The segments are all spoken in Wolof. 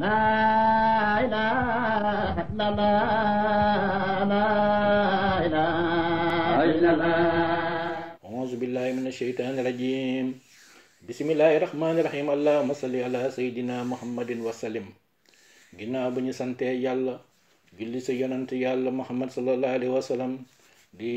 لا إله إلا الله لا إله إلا الله أعوذ بالله من الشيطان الرجيم بسم الله الرحمن الرحيم اللهم صل على سيدنا محمد وسلم ginnaaw bu ñu santee yàlla julli sa yonant yàlla muhammad sallallahu alayhi wa sallam di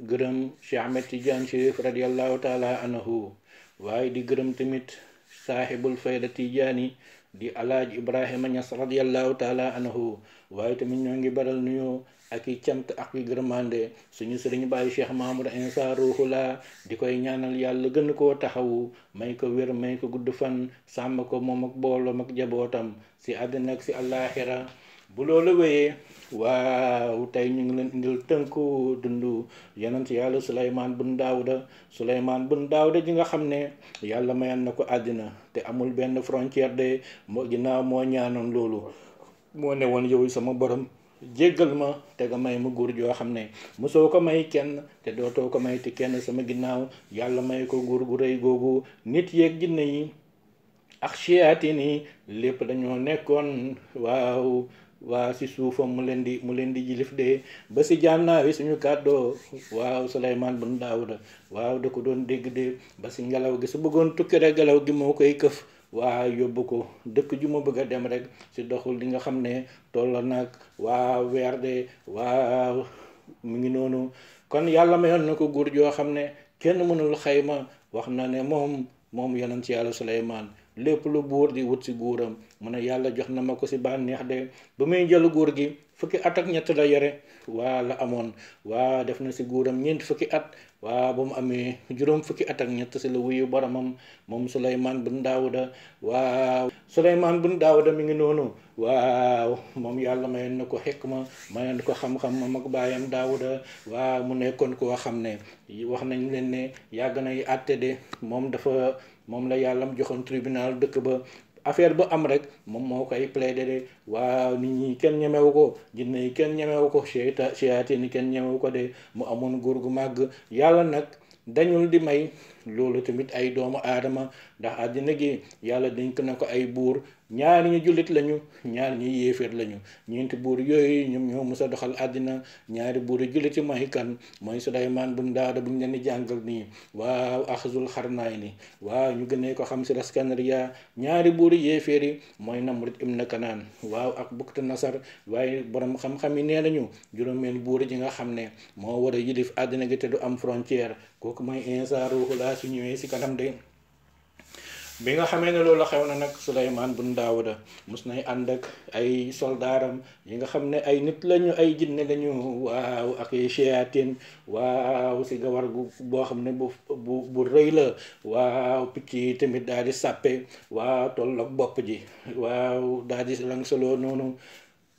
gërëm Cheikh Ahmed Tidiane Chérif radiyallahu taala anhu waaye di gërëm tamit saaxibul fayda Tijaani di alaaj ibrahima ñas radiallahu taala anhu waaye tamit ñoo ngi baral nuyoo ak i cant ak i gërmande suñu sëriñ bàyyi cheikh mahamad insa la di koy ñaanal yàlla gën koo taxawu may ko wér may ko gudd fan sàmm ko moom ak booloom ak jabootam si àddina ak si àllaaxira bu loolu wéyee waaw tey ñu ngi leen indil tënku dundu yonent yàlla Souleymane bun Daawuda Souleymane bun Daawuda ji nga xam ne yàlla mayan na ko àddina te amul benn frontière de moo ginnaaw moo ñaanoon loolu moo ne woon yow sama borom jéggal ma te nga may mu góor joo xam ne soo ko may kenn te dootoo ko may te kenn sama ginnaaw yàlla may ko góor gu rëy googu nit yeeg jinne yi ak siyaati nii lépp dañoo nekkoon waaw waa si suufam mu leen di mu leen di jilif de ba si jànnaaw yi suñu kàddoo waaw Souleymane bun Daawuda waaw da ko doon dégg de ba si ngelaw gi su bëggoon tukki gelaw gi moo koy këf waa yóbbu ko dëkk ju ma bëgg a dem rek si doxul li nga xam ne tolloo nag waaw weer de waaw mu ngi noonu kon yàlla mayoon na ko góor joo xam ne kenn mënul xayma wax na ne moom moom yonent ci yàlla Souleymane lépp lu buur di wut si guuram mu ne yàlla jox na ma ko si bànneex de ba may jël guur gi fukki at ak ñett la yore waa la amoon waa def na si guuram ñeent fukki at waa ba mu amee juróom fukki at ak ñett si la wuyu boromam moom Souleymane bun Daawuda waaw Souleymane bun Daawuda mi ngi noonu waaw moom yàlla mayoon na ko xikma mayoon na ko xam-xam moom ak baayam Daawuda waaw mu nekkoon koo xam ne wax nañ leen ne yàgg nay àtte de moom dafa moom la yàllam joxoon tribunal dëkk ba affaire ba am rek moom moo koy plaider waaw nit ñi kenn ñemewu ko jinne yi kenn ñemewu ko seytaane ni kenn ñemewu ko de mu amoon góor gu màgg yàlla nag dañul di may loolu tamit ay doomu aadama ndax àddina gi yàlla dénk na ko ay buur ñaar ñu jullit lañu ñaar ñi yéeféer lañu ñeenti buur yooyu ñoom ñoo mës a doxal àddina ñaari buur jullit yi mooy kan mooy Souleymane bun Daawda buñ leen di jàngal nii waaw axzul xarnaay ni waaw ñu gënee ko xam si Iskandariya ñaari buur yéeféer yi mooy Namrud ibn Kanaan waaw ak Bukta Nasar waaye boroom xam-xam yi nee nañu juróomeen buur ji nga xam ne moo war a yilif àddina gi te du am frontière kooku mooy Insa Ruuhul saa su ñëwee si kanam de bi nga xamee ne loolu xew na nag Souleymane bun Daawuda mus nay ànd ak ay soldaaram yi nga xam ne ay nit lañu ay jinne lañu waaw ak shayatin waaw si gawar boo xam ne bu bu bu rëy la waaw picc yi tamit daal di sàppe waaw tolloog bopp ji waaw daal di langsaloo noonu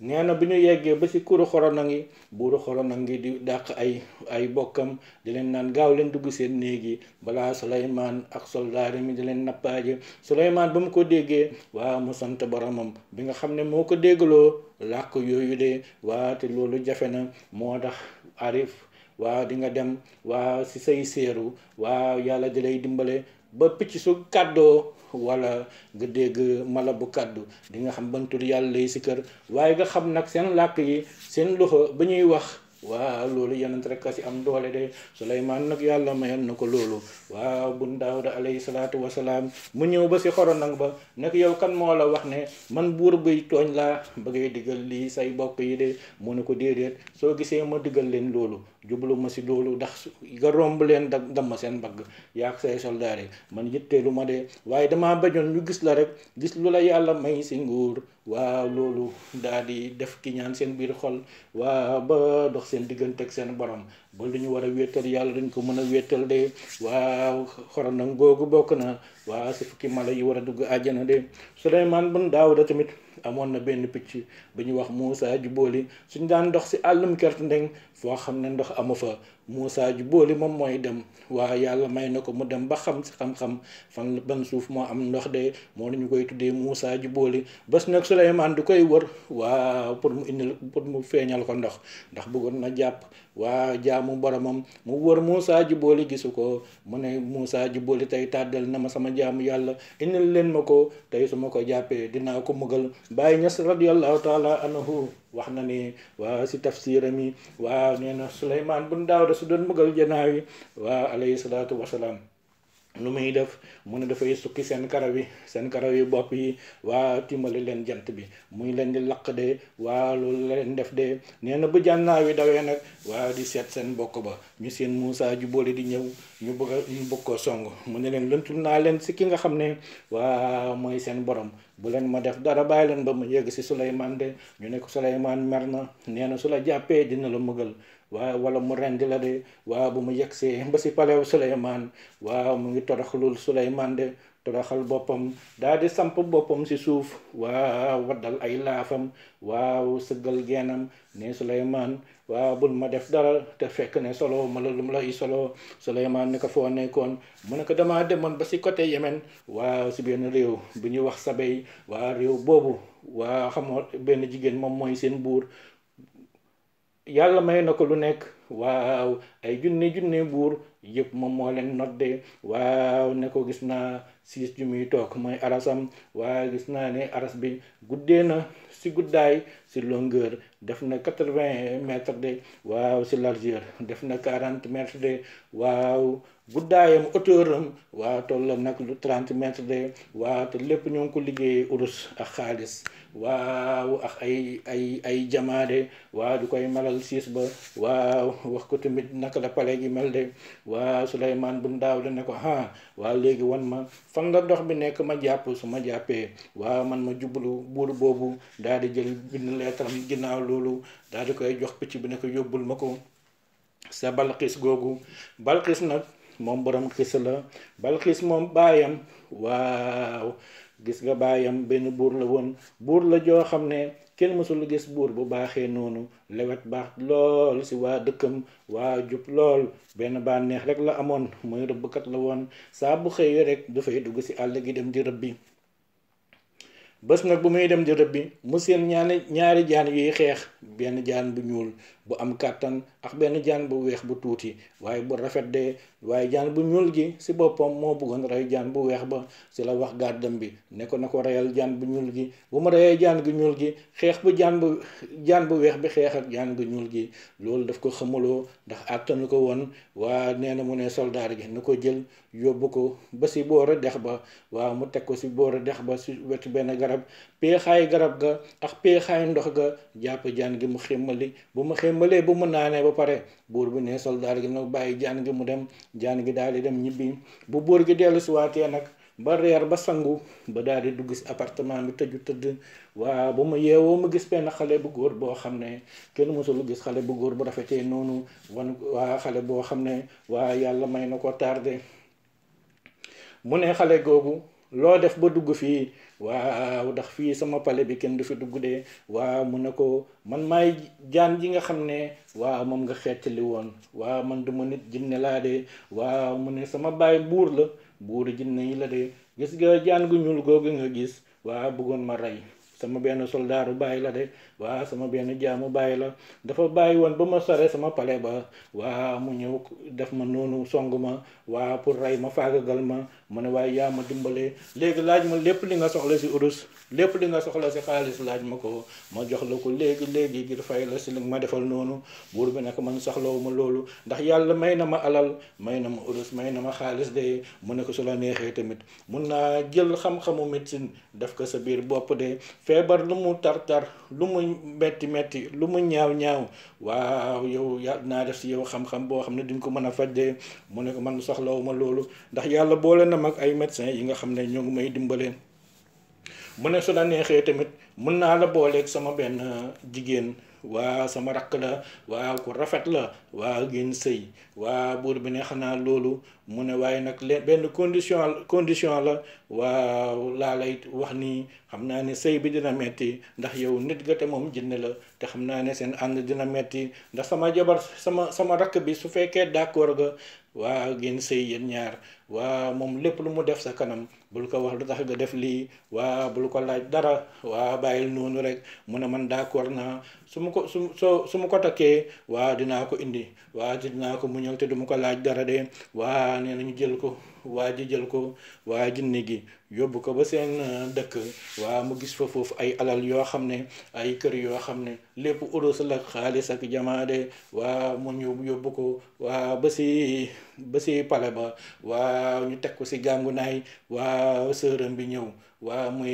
nee na bi ñu yeggee ba si ci kuru xoronan yi buuru xoronan ngi di dàq ay ay bokkam di leen naan gaaw leen dugg seen néeg yi balaa Souleymane ak soldaar mi di leen nappaaje Souleymane ba mu ko déggee waa mu sant boromam bi nga xam ne moo ko déggloo làkk yooyu de waa te loolu jafe na moo tax arif waa di nga dem waa ci say séeru waa yàlla di lay dimbale ba picc su kàddoo wala nga dégg mala bu kàddu di nga xam ban yàlla yi si kër waaye nga xam nag seen làkk yi seen loxo ba ñuy wax waaw loolu yonent rek a si am doole de Suleymaan nag yàlla mayoon na ko loolu waaw bun daawda alayhi salaatu wasalaam mu ñëw ba si xoro nag ba nag yow kan moo la wax ne man buur buy tooñ laa bëggee diggal lii say bokk yi de moo ne ko déedéet soo gisee ma diggal leen loolu jublu ma si loolu ndax nga romb leen da damma seen mbagg yaag say soldaar yi man yitteelu ma de waaye damaa bañoon ñu gis la rek gis lu la yàlla may si nguur waa loolu daal di def ki ñaan seen biir xol waa ba dox seen diggante ak seen borom ba lu ñu war a wéetal yàlla dañ ko mën a wéetal de waaw xoronam googu bokk na waaw si fukki mala yi war a dugg àjjana de Suleymaan bun Daawuda tamit amoon na benn picc ba ñuy wax Moussa Jubóoli suñ daan ndox si àllum Kerte Ndeng foo xam ne ndox amu fa Moussa Djiboly moom mooy dem waa yàlla may na ko mu dem ba xam si xam-xam fan ban suuf moo am ndox de moo la ñu koy tuddee Moussa Djiboly bés nag Souleymane du koy wër waa pour mu indil pour mu feeñal ko ndox ndax bëggoon na jàpp waa jaamu boromam mu wër Moussa Djiboly gisu ko mu ne Moussa Djiboly tey tàddal na ma sama jaamu yàlla indil leen ma ko tey su ma ko jàppee dinaa ko mugal bàyyi ñas radiyallahu taala anhu wax na ne waa si tafsiram yi waa nee na suleymaan bun daawda su doon magal janaawi waa alayhi salaatu wasalaam lu muy def mu ne dafay sukki seen karaw yi seen karaw yi bopp yi waa timbali leen jant bi muy leen di lakk de waa loolu leen def de nee bu jànnaaw yi dawee nag waa di seet seen bokk ba ñu seen Moussa ju boole di ñëw ñu bugg ñu bugg ko song mu ne leen lëntul naa leen si ki nga xam ne waa mooy seen borom bu leen ma def dara bàyyi leen ba mu yegg si Souleymane de ñu ne ko Souleymane mer na nee na su la jàppee dina la mëgal waaw wala mu rendi la de waaw bu mu yegsee ba si palew Souleymane waaw mu ngi toraxlul Souleymane de toraxal boppam daa di samp boppam si suuf waaw waddal ay laafam waaw sëggal geenam ne Souleymane waaw bul ma def dara te fekk ne solo ma la lum lay solo Souleymane ni ko foo nekkoon mu ne ko damaa demoon ba si côté Yemen waaw si benn réew bu ñuy wax sabey waaw réew boobu waaw xamoo benn jigéen moom mooy seen buur yàlla may na ko lu nekk waaw ay junne junne buur yëpp moom moo leen nodde waaw ne ko gis naa siis ju muy toog mooy arasam waaw gis naa ne aras bi guddee na si guddaay si longueur def na quatre-vingts mètres de waaw si largeur def na quarante mètres de waaw guddaayam hauteur am waa toll la nag lu trente mètres de waa te lépp ñoo ngi ko liggéey urus ak xaalis waaw ak ay ay ay jamaade waa du koy malal siis ba waaw wax ko tamit naka la pale gi mel de waa Souleymane bu ndaaw la ne ko ha waa léegi wan ma fan la dox bi nekk ma jàpp su ma jàppee waaw man ma jublu buur boobu daal di jël bind lettre am ginnaaw loolu daal di koy jox picc bi ne ko yóbbul ma ko sa balxiis googu balxiis nag moom borom xis la balxiis moom baayam waaw gis nga baayam benn buur la woon buur la joo xam ne kenn mësul gis buur bu baaxee noonu lewet baax lool si waa dëkkam waa jub lool benn bànneex rek la amoon mooy rëbbkat la woon saa bu xëyee rek dafay dugg si àll gi dem di rëbbi bés nag bu muy dem di bi mu seen ñaari ñaari jaan yuy xeex benn jaan bu ñuul bu am kàttan ak benn jaan bu weex bu tuuti waaye bu rafet dee waaye jaan bu ñuul gi si boppam moo bëggoon rey jaan bu weex ba si la wax gàddam bi ne ko na ko reyal jaan bu ñuul gi bu ma reyee jaan gu ñuul gi xeex bu jaan bu bu weex bi xeex ak gu ñuul gi loolu daf ko xamaloo ndax àttanu ko woon waa nee na mu ne soldaar gi na ko jël yóbbu ko ba si boora dex ba waaw mu teg ko si boora dex ba si wetu benn garab peexaay garab ga ak peexaay ndox ga jàpp jaan gi mu xemmali bu ma mële mële ba mën naa ne ba pare buur bi ne soldaar gi nag bàyyi jaan gi mu dem jaan gi daal di dem ñibbi bu buur gi dellu si waatee nag ba reer ba sangu ba daal di dugg si appartement bi tëju tëdd waa bu ma yeewoo ma gis benn xale bu góor boo xam ne kenn mësul gis xale bu góor bu rafetee noonu wan waa xale boo xam ne waa yàlla may na ko tardé mu ne xale googu loo def ba dugg fii waaw ndax fii sama pale bi kenn du fi dugg de waaw mu ne ko man maay jaan ji nga xam ne waaw moom nga xeetali woon waaw man du ma nit jinne laa de waaw mu ne sama baay buur la buuru jinne yi la de gis nga jaan gu ñuul googu nga gis waaw bëggoon ma rey sama benn soldaaru baay la de waa sama benn jaamu bàyyi la dafa bàyyi woon ba ma sore sama pale ba waa mu ñëw def ma noonu song ma waa pour rey ma faagagal ma mu ne waaye yaa ma dimbale léegi laaj ma lépp li nga soxla si urus lépp li nga soxla si xaalis laaj ma ko ma jox la ko léegi léegi ngir fay la si li ma defal noonu buur bi nag man soxlawu ma loolu ndax yàlla may na ma alal may na ma urus may na ma xaalis de mu ne ko su la neexee tamit mun naa jël xam-xamu médecine def ko sa biir bopp de metti metti lu mu ñaaw ñaaw waaw yow yàlla naa def si yow xam-xam boo xam ne di ko mën a faj de mu ne ko mën man soxlawuma loolu ndax yàlla boole na mag ay médecin yi nga xam ne ñoo ngi may dimbalee mu ne su la neexee tamit mun naa la booleek sama benn jigéen waa sama rakk la waaw ku rafet la waa ngeen sëy waa buur bi neex naa loolu mu ne waaye nag leen benn condition condition la waa laa lay wax nii xam naa ne sëy bi dina metti ndax yow nit ga te moom jinne la te xam naa ne seen ànd dina metti ndax sama jabar sama sama rakk bi su fekkee d'accord ga waa génn sëy yéen ñaar waa moom lépp lu mu def sa kanam bul ko wax lu tax da def lii waa bul ko laaj dara waa bàyyil noonu rek mu ne man d'accord naa su ma ko su soo su ma ko takkee waa dinaa ko indi waa dinaa ko muñal te du ma ko laaj dara de waa nee nañu jël ko waa ji jël ko waa jinne gi yóbbu ko ba seen euh, dëkk waa mu gis fa foofu ay alal yoo xam ne ay kër yoo xam ne lépp urus la xaalis ak jamaade waa mu ñu yóbbu ko waa ba si ba si pale ba waaw ñu teg ko si gàngunaay waa sërëm bi ñëw waa muy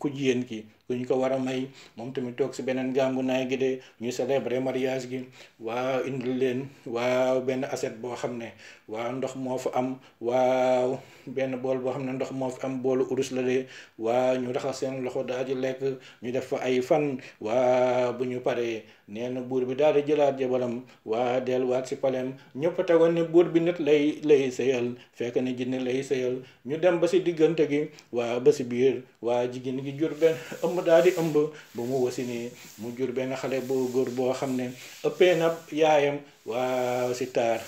ku jigéen ki ku ñu ko war a may moom tamit toog si beneen gàngu naay gi de ñu célébrer mariage gi waaw indil leen waaw benn assiette boo xam ne waaw ndox moo fa am waaw benn bool boo xam ne ndox moo fi am boolu urus la de waaw ñu raxas seen loxo daal di lekk ñu def fa ay fan waaw bu ñu paree nee na buur bi daal di jëlaat jabaram waa delluwaat si palem ñëpp tegoon ne buur bi nit lay lay sëyal fekk ne jinne lay sëyal ñu dem ba si diggante gi waaw ba si biir waaye jigéen gi jur benn ëmb daal di ëmb ba mu wasi nii mu jur benn xale boo góor boo xam ne ëppee na yaayam waa si taar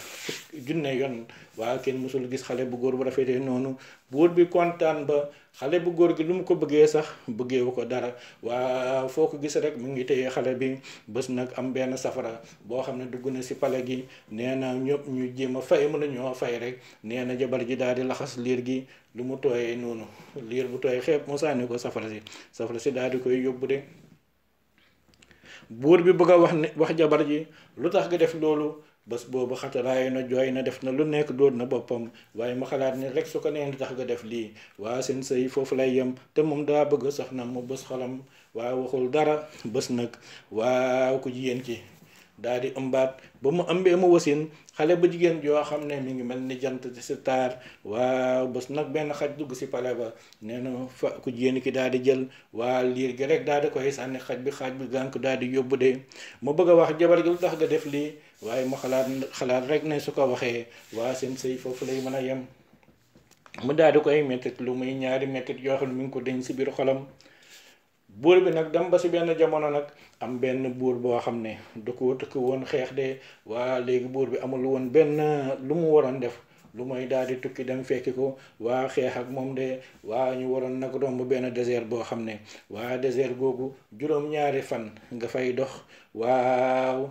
junne yoon waa kenn mësul gis xale bu góor bu rafetee noonu buur bi kontaan ba xale bu góor gi lu mu ko bëggee sax bëggeewu ko dara waa foo ko gis rek mu ngi téye xale bi bés nag am benn safara boo xam ne dugg na si pale gi nee na ñëpp ñu jéem a fay mën ñoo fay rek nee na jabar ji daal di laxas liir gi lu mu tooyee noonu liir bu tooy xeeb mu sànni ko safara si safara si daal di koy yóbbu de buur bi bëgg a wax ne wax jabar ji lu tax nga def loolu bés boobu xataraay na jooy na def na lu nekk dóor na boppam waaye ma xalaat ne rek su ko neen tax nga def lii waa seen sëy foofu lay yem te moom daa bëgg soxna mu bés xolam waa waxul dara bés nag waaw ku jigéen ki daal di ëmbaat ba mu ëmbee mu wasin xale ba jigéen joo xam ne mi ngi mel ni jant si taar waaw bës nag benn xaj dugg si pale ba nee na fa ku jigéen ki daal di jël waa liir gi rek daal di koy sànni xaj bi xaj bu gànk daal di yóbbu de mu bëgg a wax jabar gi lu tax nga def lii waaye ma xalaat xalaat rek ne su ko waxee waa seen sëy foofu lay mën a yem mu daal di koy mettit lu muy ñaari mettit yoo xam ne mi ngi ko denc si biir xolam buur bi nag dem ba benn jamono nag am benn buur boo xam ne da ko tëkk woon xeex de waa léegi bi amul woon benn lu mu waroon def lu mooy daal di tukki dem fekki ko waa xeex ak waa ñu waroon nag romb benn désert boo xam ne waa désert googu juróom-ñaari fan nga fay dox waaw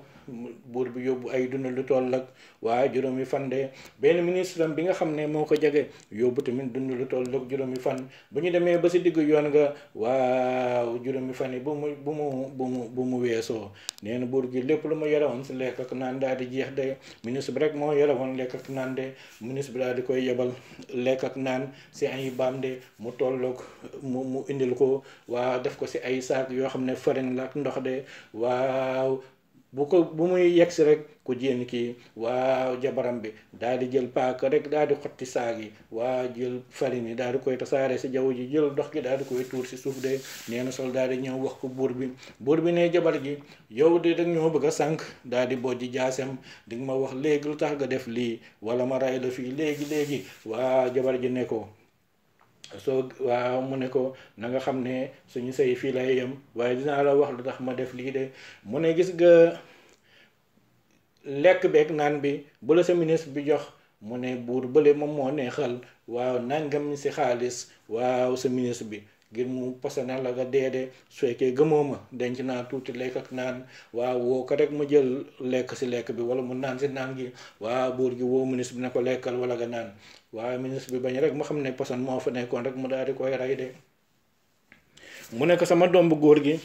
buur bi yóbbu ay dund lu toll ak waa juróomi fan de benn ministre bi nga xam ne moo ko jege yóbbu tamit dund lu toll ak juróomi fan bu ñu demee ba si digg yoon nga waaw juróomi fan yi bu mu bu mu bu mu bu mu weesoo nee na buur gi lépp lu mu yore woon si lekk ak naan daal di jeex de ministre bi rek moo yore woon lekk naan de ministre bi di koy yebal lekk ak naan si ay baam de mu tolloog mu mu indil ko waa def ko si ay saak yoo xam ne farine la ak ndox de waaw bu ko bu muy yegsi rek ku jén kii waa jabaram bi daal di jël paaka rek daal di xotti saag yi waaw jël farine yi daal di koy tasaare si jaww ji jël ndox gi daal di koy tuur si suuf de nee na soldat di ñëw wax ko buur bi buur bi nee jabar ji yow de dag ñoo bëgg a sànq daal di bojj jaasem di nga ma wax léegi lu tax nga def lii wala ma ray la fii léegi léegi waa jabar ji ne ko soo waaw mu ne ko na nga xam ne suñu sëy fii lay yem waaye dinaa la wax lu tax ma def lii de mu ne gis nga lekk beeg naan bi bu la sa ministre bi jox mu ne buur bële moom moo neexal waaw nangam si xaalis waaw sa ministre bi ngir mu posena la nga dee de su fekkee gëmoo ma denc naa tuuti lekk ak naan waaw woo ko rek ma jël lekk si lekk bi wala mu naan si naan gi waa buur gi woo ministre bi na ko lekkal wala nga naan waaye ministre bi bañ rek ma xam ne posan moo fa nekkoon rek mu daal di koy rey de mu nekk sama doom góor gi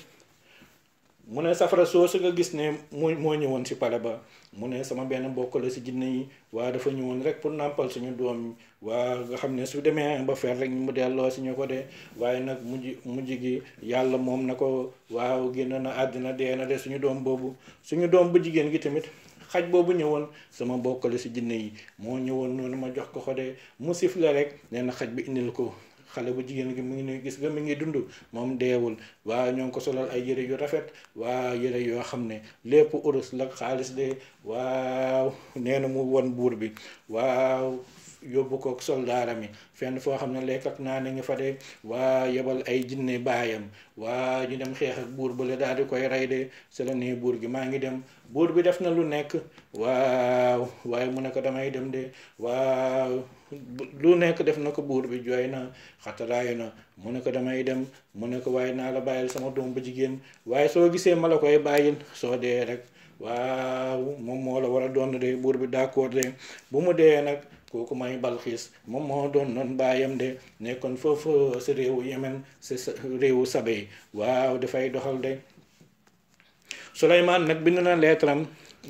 mu ne safara soo soosu nga gis ne moo moo ñëwoon ci pale ba mu ne sama benn mbokk si ci jinne yi waa dafa ñëwoon rek pour nàmpal suñu doom waa nga xam ne su demee ba fer rek mu delloo si ñu ko de waaye nag mujj mujj gi yàlla moom na ko waaw génn na àddina dee na de suñu doom boobu suñu doom bu jigéen gi tamit xaj boobu ñëwoon sama mbokk si ci jinne yi moo ñëwoon noonu ma jox ko ko de mu sifle rek nee na xaj bi indil ko xale bu jigéen gi mu ngi nuy gis nga mi ngi dund moom deewul waa ñoo ngi ko solal ay yëre yu rafet waa yëre yoo xam ne lépp urus la xaalis de waaw nee na mu won buur bi waaw yóbbu ko soldaaram mi fenn foo xam ne lekk ak naa ne nga fa de waa yebal ay jinne baayam waa ñu dem xeex ak buur bële daal di koy rey de se buur gi maa ngi dem buur bi def na lu nekk waaw waaye mu ne ko damay dem de waaw lu nekk def na ko buur bi jooy na xataraayu na mu ne ko damay dem mu ne ko waaye naa la bàyyil sama doom bu jigéen waaye soo gisee ma la koy bàyyil soo dee rek waaw moom moo la war a doon de buur bi d'accord de bu mu dee nag kooku may balxiis moom moo doon noon baayam de nekkoon foofu si réewu Yemen si réewu Sabe waaw dafay doxal de Suleymaan nag bind na leetaram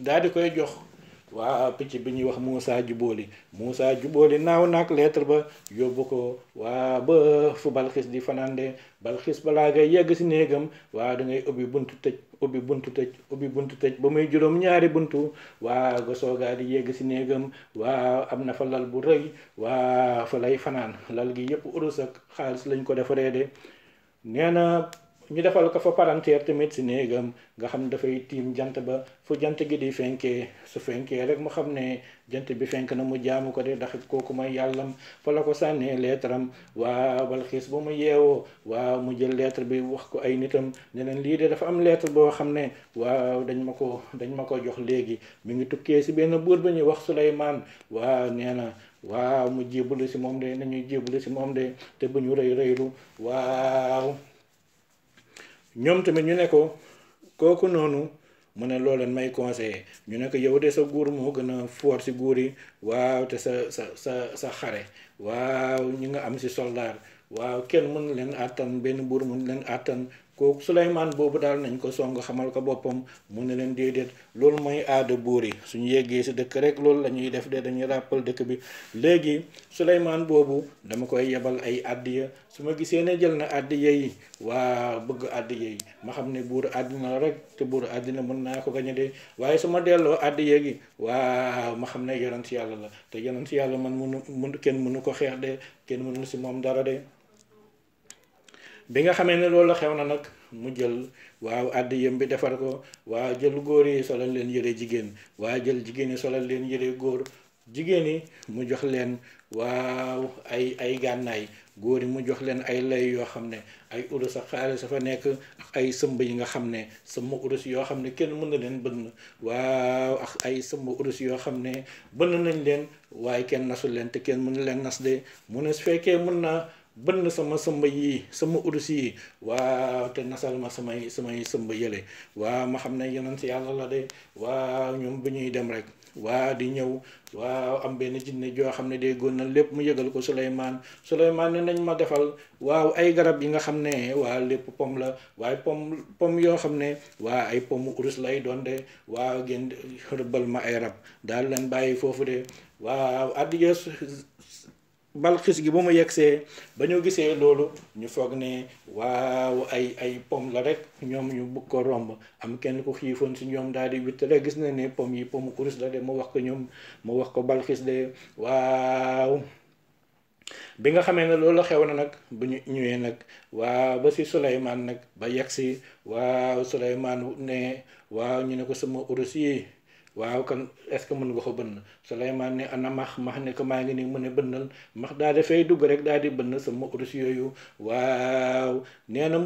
daal di koy jox waa picc bi ñuy wax li Jubóoli Moussa Jubóoli naaw naag lettre ba yóbbu ko waa ba fu Balxis di fanaande Balxis balaa ngay yegg si néegam waa da ngay ubbi buntu tëj ubbi buntu tëj ubbi buntu tëj ba muy juróom-ñaari buntu waa nga soogaa di yegg si néegam waa am na fa lal bu rëy waa fa lay fanaan lal gi yépp urus ak xaalis lañ ko defaree de nee ñu defal ko fa palanteer tamit si néegam nga xam ne dafay tiim jant ba fu jant gi di fenkee su fenkee rek mu xam ne jant bi fenk na mu jaamu ko de ndax kooku may yàllam fa la ko sànnee leetaram waa Balxiis ba mu yeewoo waaw mu jël lettre bi wax ko ay nitam ne leen lii de dafa am lettre boo xam ne waaw dañ ma ko dañ ma ko jox léegi mu ngi tukkee si benn buur ba ñuy wax Suleymaan waaw nee na waaw mu jébbalu si moom de nañuy jébbalu si moom de te bu ñu rëy ñoom tamit ñu ne ko kooku noonu mu ne loo may conseillé ñu ne ko yow de sa guur moo gën a foor si guur yi waaw te sa sa sa sa xare waaw ñu nga am si soldaar waaw kenn mën leen àttan benn buur mën leen àttan kooku Souleymane boobu daal nañ ko song xamal ko boppam mu ne leen déedéet loolu mooy aada buur yi su ñu yeggee si dëkk rek loolu la ñuy def de dañuy ràppal dëkk bi léegi Souleymane boobu dama koy yebal ay àddiya su ma gisee ne jël na àddiya yi waa bëgg àddiya yi ma xam ne buur àddina la rek te buur àddina mën naa ko gañ a dee waaye su ma delloo àddiya gi waaw ma xam ne yonent yàlla la te si yàlla man mënu mun kenn mënu ko xeex de kenn mënu si moom dara de bi nga xam ne loolu la xew na nag mu jël waaw àdd yëm bi defar ko waaw jël góor yi solal leen yëre jigéen waaw jël jigéen yi solal leen yëre góor jigéen yi mu jox leen waaw ay ay gànnaay góor yi mu jox leen ay lay yoo xam ne ay urus ak xaalis dafa nekk ay sëmb yi nga xam ne sëmb urus yoo xam ne kenn mën na leen bënn waaw ak ay sëmb urus yoo xam ne bënn nañ leen waaye kenn nasul leen te kenn mën na leen nas de mu ne fekkee mën na bënn sama sëmba yii sama urus yii waa te nasal ma samay samay sëmba yële waa ma xam ne yeneen si yàlla la de waaw ñoom bu ñuy dem rek waa di ñëw waaw am benn jinne joo xam ne day na lépp mu yëgal ko Souleymane Souleymane ne nañ ma defal waaw ay garab yi nga xam ne waa lépp pom la waaye pom pom yoo xam ne waa ay pomu urus ay doon de waaw ngeen rëbbal ma ay rab daal leen bàyyi foofu de waaw addiya balxis gi ba mu yegsee ba ñu gisee loolu ñu foog ne waaw ay ay pom la rek ñoom ñu bugg ko romb am kenn ku xiifoon si ñoom daal di witt rek gis na ne pom yi pomu urus la de mu wax ko ñoom mu wax ko balxis de waaw bi nga xamee ne loolu xew na nag bu ñu ñëwee nag waaw ba si Souleymane nag ba yegsi waaw Souleymane ne waaw ñu ne ko sama urus yi waaw kan est-ce que mën nga ko bënn Souleymane ne ana max max ne ko maa ngi nii mu ne bënnal max daa di dugg rek daal di bënn sama urus yooyu waaw nee na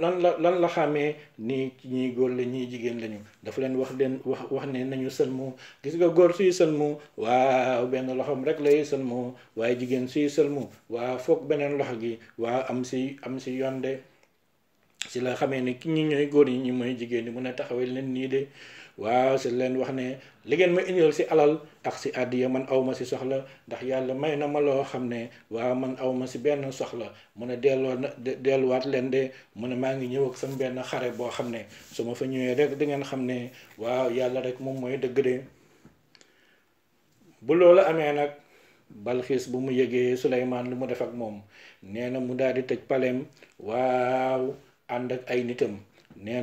lan la lan la xamee nii ñii góor la ñii jigéen lañu dafa leen wax leen wax wax ne nañu sëlmu gis nga góor suy sëlmu waaw benn loxoom rek lay sëlmu waaye jigéen suy sëlmu waaw foog beneen loxo gi waaw am si am si yoon de si la xamee ni ki ñu ñooy góor yi ñi mooy jigéen ñi mun a taxawal leen nii de waaw si leen wax ne li ngeen ma indil si alal ak si àddiya man aw ma si soxla ndax yàlla may na ma loo xam ne waaw man aw ma si benn soxla mu ne delloo na delluwaat leen de mu ne maa ngi ñëw ak sama benn xare boo xam ne su ma fa ñëwee rek di ngeen xam ne waaw yàlla rek moom mooy dëgg de bu loolu amee nag balxiis bu mu yëgee Suleymaan lu mu def ak moom nee na mu daal di tëj paleem waaw ànd ak ay nitam nee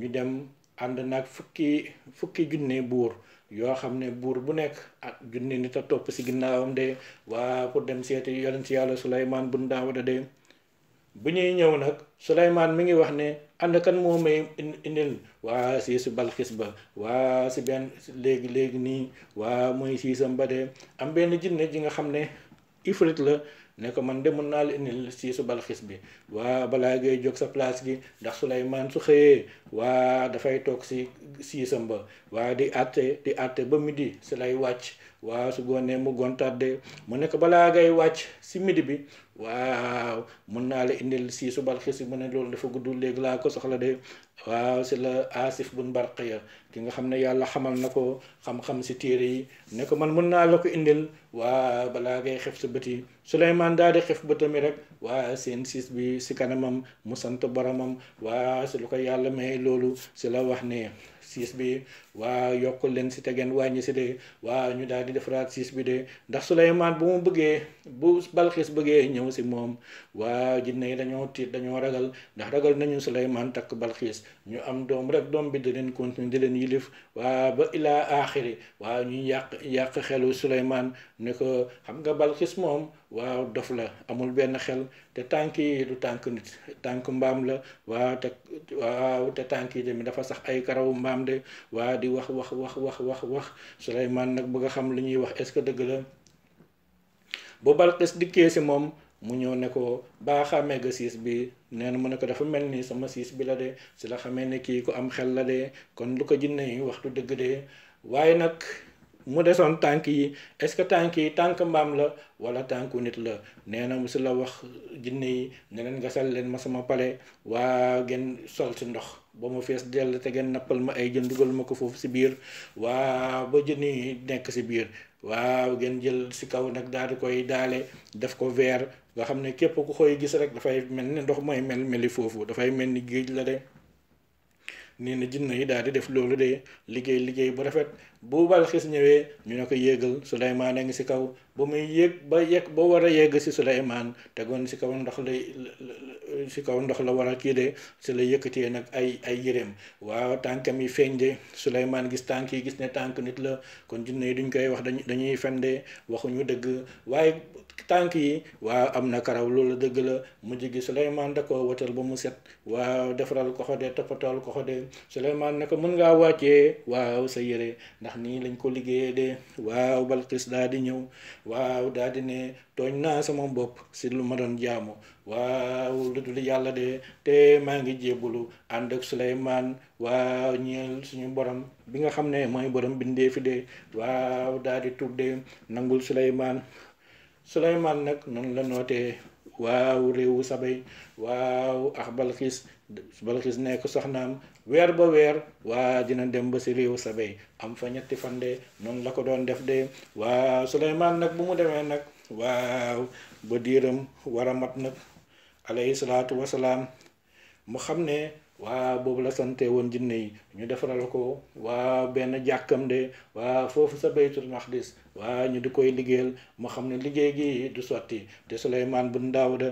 ñu dem ànd nag fukki fukki junne buur yoo xam ne buur bu nekk ak junne nit a topp si ginnaawam de waa pour dem seeti yonent yàlla Souleymane bun Daawuda de bu ñuy ñëw nag Souleymane mi ngi wax ne ànd kan moo may indil waa sii si balxis ba waa si benn léegi léegi nii waa mooy siisam ba de am benn jinne ji nga xam ne ifrit la ne ko man de mun naa la indil su balxis bi waa balaa ngay jóg sa place gi ndax Souleymane su xëyee waa dafay toog si siisam ba waa di àtte di àtte ba midi si lay wàcc waa su goonee mu gontadde mu ne ko balaa ngay wàcc si midi bi waaw mun naa la indil su balxis bi mu ne loolu dafa guddu léegi laa ko soxla de waaw si la asif bun barqiya ki nga xam ne yàlla xamal na ko xam-xam si téere yi ne ko man mun naa la ko indil waa balaa ngay xef sa bët yi Souleymane daal di xef bëtam yi rek waa seen siis bi si kanamam mu sant boromam waa si lu ko yàlla may loolu si la wax ne siis bi waa yokkul leen si tegen wàññi si de waa ñu daal di raat siis bi de ndax Suleymaan bu mu bëggee bu Balxiis bëggee ñëw si moom waa jinne yi dañoo tiit dañoo ragal ndax ragal nañu Suleymaan takk Balxiis ñu am doom rek doom bi da leen continuer di leen yilif waa ba ilaa aaxiri waaw ñu yàq yàq xelu Suleymaan ne ko xam nga Balqis moom waaw dof la amul benn xel te tànk yi du tànk nit tànk mbaam la waa te waaw te tànk yi tamit dafa sax ay karawu mbaam de waa di wax wax wax wax wax wax Suleymaan nag bëgg xam li ñuy wax est-ce que dëgg la bu Balqis dikkee si moom mu ñëw ne ko baa xàmmee nga siis bi nee na mu ne ko dafa mel ni sama siis bi la de si la xamee ne kii ku am xel la de kon lu ko jinne yi waxtu dëgg de waaye nag mu desoon tànk yi est-ce que tànk yi tànk mbaam la wala tànku nit la nee na mu si wax jinne yi nga sal leen ma sama pale waa ngeen sol si ndox ba mu fees dell te ngeen nappal ma ay jën dugal ma ko foofu si biir waa ba jën yi nekk si biir waaw ngeen jël si kaw nag daal di koy daale def ko weer nga xam ne képp ku koy gis rek dafay mel ni ndox mooy mel meli foofu dafay mel ni géej la de nee na jinne yi daal di def loolu de liggéey liggéey bu rafet bu Balxiis ñëwee ñu ne ko yéegal Suleymaan a ngi si kaw ba muy yéeg ba yegg ba war a yegg si Suleymaan tegoon si kaw ndox lay si kaw ndox la war a kii de si la yëkkatee nag ay ay yéreem waaw tànkam yi feeñ de Suleymaan gis tànk yi gis ne tànk nit la kon jinne yi duñ koy wax dañuy dañuy fen de waxuñu dëgg waaye tànk yi waaw am na karaw loolu dëgg la mu gi Suleymaan da ko wotal ba mu set waaw defaral ko xodee toppatool ko xodee Suleymaan ne ko mën ngaa wàccee waaw sa yére ndax nii lañ ko liggéeyee de waaw Balqis daa di ñëw waaw daldi di ne tooñ naa sama bopp si lu ma doon jaamu waaw lu dul yàlla de te maa ngi jébbalu ànd ak Suleymaan waaw ñeel suñu borom bi nga xam ne mooy borom bindee fi de waaw daa di tudde nangul Suleymaan Suleymaan nag noonu la nootee waaw réewu sabay waaw ax Balqis Balqis nekk soxnaam weer ba weer waa dina dem ba si réew sabay am fa ñetti fande de noonu la ko doon def de waaw Suleymaan nag bu mu demee nag waaw ba diiram war a mat nag alayhi salaatu wasalaam mu xam ne waaw boobu la sante woon jinne yi ñu defaral ko waaw benn jàkkam de waaw foofu sa baytul maxdis waaw ñu di koy liggéeyal mu xam ne liggéey gi du sotti te Suleymaan bun Daawuda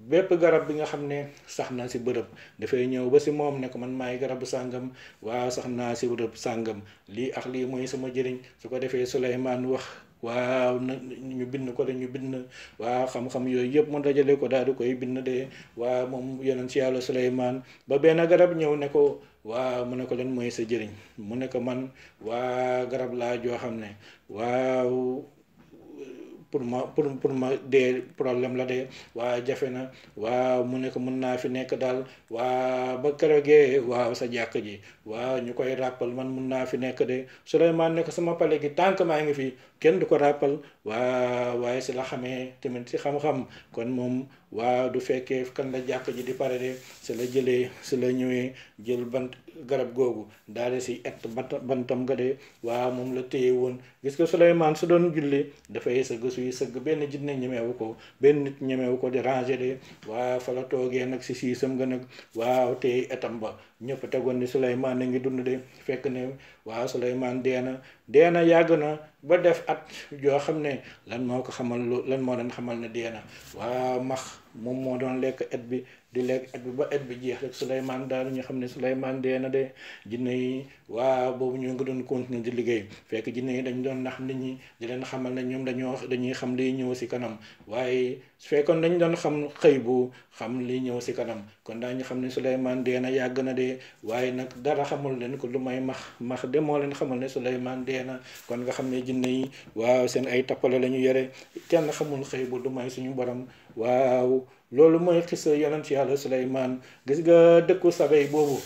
bépp garab bi nga xam ne sax na si bërëb dafay ñëw ba si moom ne ko man maay garabu sàngam waa sax naa si bërëb sàngam lii ak lii mooy sama jëriñ su ko defee Suleymaan wax waa na ñu bind ko de ñu bind waaw xam-xam yooyu yëpp mu dajale ko daal di koy bind de waa moom yonent si yàlla Suleymaan ba benn garab ñëw ne ko waa mu ne ko lan mooy sa jëriñ mu ne ko man waa garab laa joo xam ne waaw pour ma pour pour ma dee problème la de waa jafe na waa mu ne ko mën naa fi nekk daal waa ba keroogee waaw sa jàkk ji waa ñu koy rappal man mun naa fi nekk de Souleymane ne ko sama pale gi tànk maa ngi fi kenn du ko rappal waa waaye si la xamee tamit si xam-xam kon moom waa du fekkee kan la jàkk ji di pare de si la jëlee si la ñëwee jël bant garab googu daal di si ett bantam nga de waaw moom la téye woon gis nga Souleymane su doon julli dafay sëgg suy sëgg benn jinne ñemewu ko benn nit ñemewu ko di ranger de waaw fa la toogee nag si siisam nga nag waa téye etam ba ñëpp tegoon ni Souleymane na ngi dund de fekk ne waaw Souleymane dee na dee na yàgg na ba def at yoo xam ne lan moo ko xamal lan moo doon xamal ne dee na max moom moo doon lekk et bi di lekk et bi ba et bi jeex rek Souleymane daal ñu xam ne Souleymane dee na de jinne yi waaw boobu ñoo ngi doon continuer di liggéey fekk jinne yi dañ doon nax nit ñi di leen xamal ne ñoom dañoo dañuy xam liy ñëw si kanam waaye su fekkoon dañ doon xam xëy bu xam liy ñëw si kanam kon daañu xam ne Souleymane dee na yàgg na de waaye nag dara xamul leen ko lu may max max de moo leen xamal ne Souleymane dee na kon nga xam ne jinne yi waaw seen ay tappale lañu ñu yore kenn xamul xëy bu lu may suñu borom waaw loolu mooy xisa yonent yàlla Suleymaan gis nga dëkku sabay boobu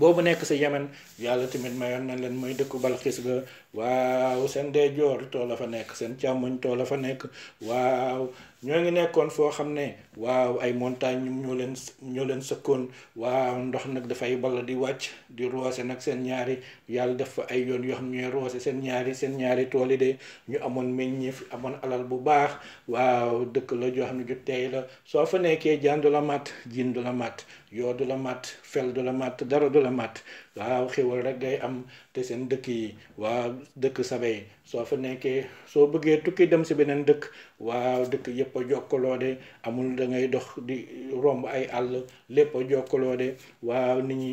boobu nekk si yemen yàlla tamit mayoon na leen mooy dëkku balxis ga waaw seen dee joor toola fa nekk seen càmmoñ tool toola fa nekk waaw ñoo ngi nekkoon foo xam ne waaw ay montagne ñoo leen ñoo leen sëkkoon waaw ndox nag dafay bala di wàcc di roose nag seen ñaari yàlla def fa ay yoon yoo xam ñooy roose seen ñaari seen ñaari tool yi de ñu amoon meññeef amoon alal bu baax waaw dëkk la joo xam ne ju teey la soo fa nekkee jaan du la mat jiin du la mat yoo du la mat fel du la mat dara du la mat waaw xéwal rek day am te seen dëkk yi waaw dëkk sabay soo fa nekkee soo bëggee tukki dem si beneen dëkk waaw dëkk yëpp a jokkaloo de amul dangay dox di romb ay àll lépp a jokkaloo de waaw nit ñi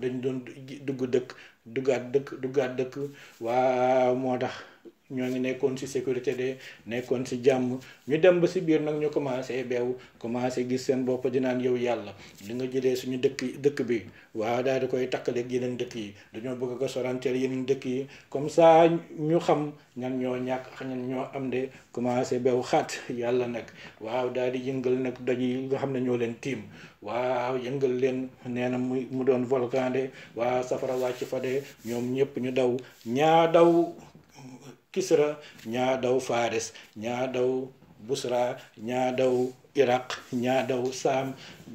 dañ doon dugg dëkk duggaat dëkk duggaat dëkk waaw moo tax ñoo ngi nekkoon si sécurité de nekkoon si jàmm ñu dem ba si biir nag ñu commencé beew commencé gis seen bopp dinaan yow yàlla li nga jëlee suñu dëkk dëkk bi waaw daal di koy takkaleeg yeneen dëkk yi dañoo bëgg ko soranteel yeneen dëkk yi comme ça ñu xam ñan ñoo ñàkk ñan ñoo am de commencé beew xaat yàlla nag waaw daal di yëngal nag doj yi nga xam ne ñoo leen tiim waaw yëngal leen nee na mu mu doon volcan de waaw safara wàcc fa de ñoom ñëpp ñu daw ñaa daw. kisra ñaa daw faris ñaa daw busra ñaa daw iraq ñaa daw saam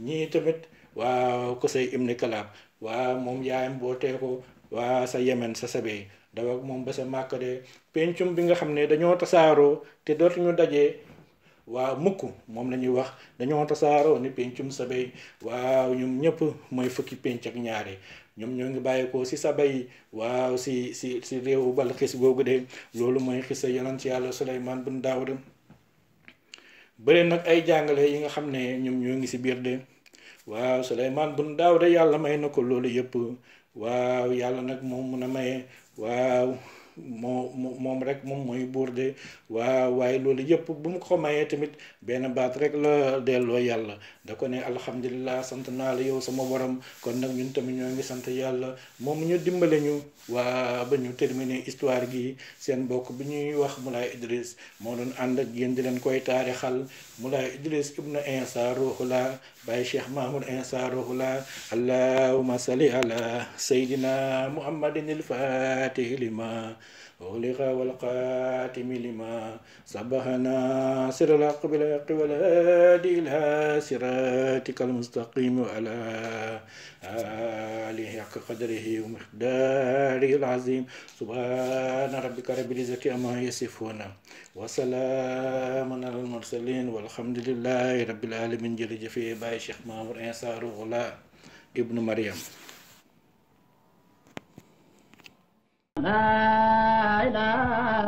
ñii tamit waa Qusay ibn Kalab waa moom yaayam boo teekoo waa sa yemen sa sabee daw ak moom ba sa màkk de pencum bi nga xam ne dañoo tasaaroo te dootuñu dajee waa mukk moom la ñuy wax dañoo tasaaroo ni pencum sabee waaw ñoom ñëpp mooy fukki penc ak ñaari ñoom ñoo ngi bàyyeekoo si sa bay waaw si si si réewu bal xis googu de loolu mooy sa yonent si yàlla Suleymaan bun Daawuda bëri nag ay jàngale yi nga xam ne ñoom ñoo ngi si biir de waaw Suleymaan daaw Daawuda yàlla may na ko loolu yëpp waaw yàlla nag moom mun a maye waaw moo moom rek moom mooy buur de waaw waaye loolu yëpp bu mu ko mayee tamit benn baat rek la delloo yàlla da ko ne alhamdulilah sant naa la yow sama borom kon nag ñun tamit ñoo ngi sant yàlla moom ñu dimbale ñu waa ba ñu terminer histoire gi seen bokk bi ñuy wax Moulay Idris moo doon ànd ak yéen di leen koy taarixal Moulay Idris ibnu Insa ruuxula Baye Cheikh Mahmoud Insa ruuxula allahumma salli ala sayyidina muhammadin il fatihi lima أغلق والقاتم لما صبح ناصر الحق بالحق والهادي إلى صراطك المستقيم وعلى آله حق قدره ومقداره العظيم سبحان ربك رب العزة عما يصفون وسلام على المرسلين والحمد لله رب العالمين jërëjëf Baye Cheikh Mamour Insa Rouhoula ibnu Mariam لا إله